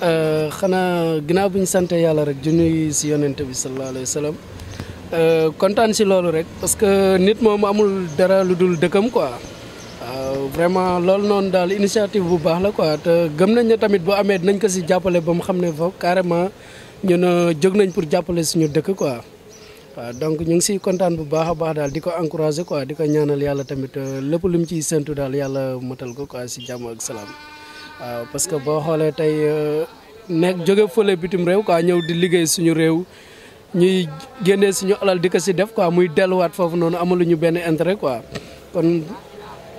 Euh, xanaa ginnaaw bu ñu sant yàlla rek di nuyu si yonent bi sallallahu alayhi wa sallam euh, kontaan si loolu rek parce que nit moom amul dara lu dul dëkkam quoi waaw euh, vraiment loolu noonu daal initiative bu baax la quoi te gëm nañ ne tamit bu amee dinañ ko si jàppale ba mu xam ne foofu carrément ñun jóg nañ pour jàppale suñu dëkk quoi. waaw donc ñu ngi siy kontaan bu baax a baax daal di ko encourager quoi di ko ñaanal yàlla tamit lépp lu mu ciy séntu daal yàlla matal ko quoi si jàmm ak salaam. waaw parce que boo xoolee tey euh, nekk jóge fële bitim réew quoi ñëw di liggéey suñu réew ñuy génnee suñu alal di ko si def ko muy delluwaat foofu noonu ñu benn intérêt quoi kon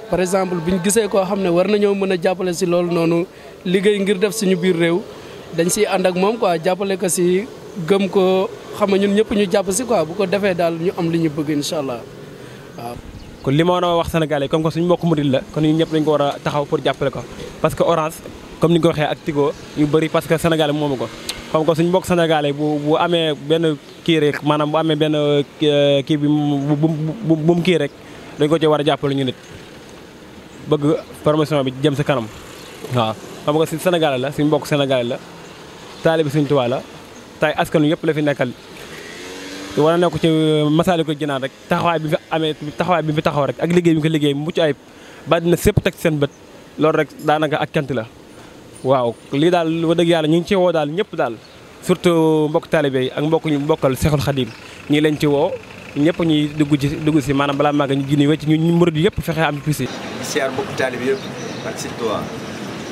par exemple bi ñu gisee koo xam ne war nañoo mën a jàppale si loolu noonu liggéey ngir def suñu biir réew dañ siy ànd ak moom quoi jàppale ko si gëm ko xam ñun ñëpp ñu jàpp si ko bu ko defee daal ñu am li ñu bëgg incha allah waaw. kon li a wax Sénégalais comme que suñu mbokku murid la kon ñun ñëpp dañ ko war a taxaw pour jàppale ko. parce que Orange comme ni nga ko waxee ak Tigo yu bari parce que sénégalais moomu ko comme que suñu mbokk sénégalais bu bu amee benn kii rek maanaam bu amee benn euh, kii bi bu bu bu mu kii rek dañ ko ci war a jàpp lu ñu nit bëgg promotion bi jëm sa kanam waaw xam nga si sénégalais la suñu mbokk sénégalais la taalibi suñu Tuubaa la tay askanu yëpp la fi nekkal war a nekk ci euh, Masaalikul Jinaan rek taxawaay bi fi amee taxawaay bi fi taxaw rek ak liggéey bi ko liggéey mucc ayib ba dina sépp teg seen bët loolu rek daanaka ak cant la waaw lii daal wax dëgg yàlla ñu ngi ci woo daal ñëpp daal surtout mbokk taalibe ak mbokk ñu bokkal Seexul Xadim ñii lañ ci woo ñëpp ñuy duggu ci dugg si maanaam balaa màgg ñu junni wecc ñu ñu murid yëpp fexe am ci si siyaar mbokk taalibe yëpp ak si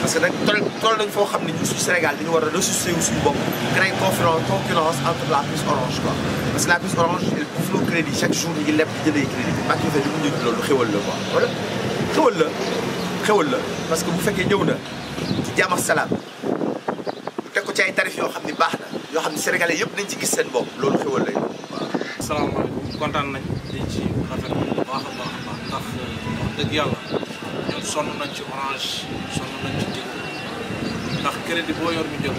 parce que nag toll toll nañ foo xam ne ñun suñu Sénégal dañu war a ressusciter wu suñu bopp créer conférence concurrence entre la puce orange quoi parce que la puce orange il couvre le crédit chaque jour il ngi leb di crédit bi Macky Sall li mu ñu loolu xéwal la quoi wala xéwal la xéwal la parce que bu fekkee ñëw na ci jàmm ak salaam teg ko ci ay tarif yoo xam ne baax na yoo xam ne sénégalais yëpp nañ ci gis seen bopp loolu xéwal la waaw. asalaamaaleykum kontaan nañ di ci rafetlu bu baax a baax a baax ndax wax dëgg yàlla. sonn nañ ci orange sonn nañ ci Tigo ndax crédit boo yor ñu jël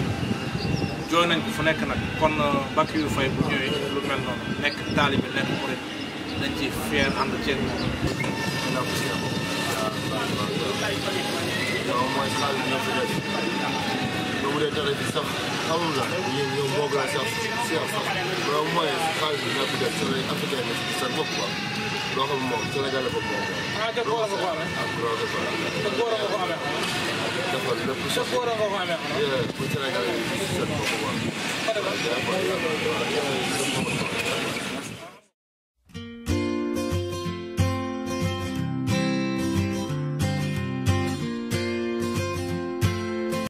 jooy nañ ko fu nekk nag kon euh, Bakiyu Faye bu ñëwee lu mel noonu nekk taalibe nekk dañ ci fier nekk. waaw waaw waaw. yow mooy xaalis ñoo dee dara bi sax xamul la yéen yow boobu la sax si sax loolu mooy xaalis bi nga fi def sa lay affecté na si sa bopp quoi loo xam moom sa la gàlle ko moom loolu ko amee ak loolu ko amee defal lépp sa ko amee pour Sénégal yi si seen bopp quoi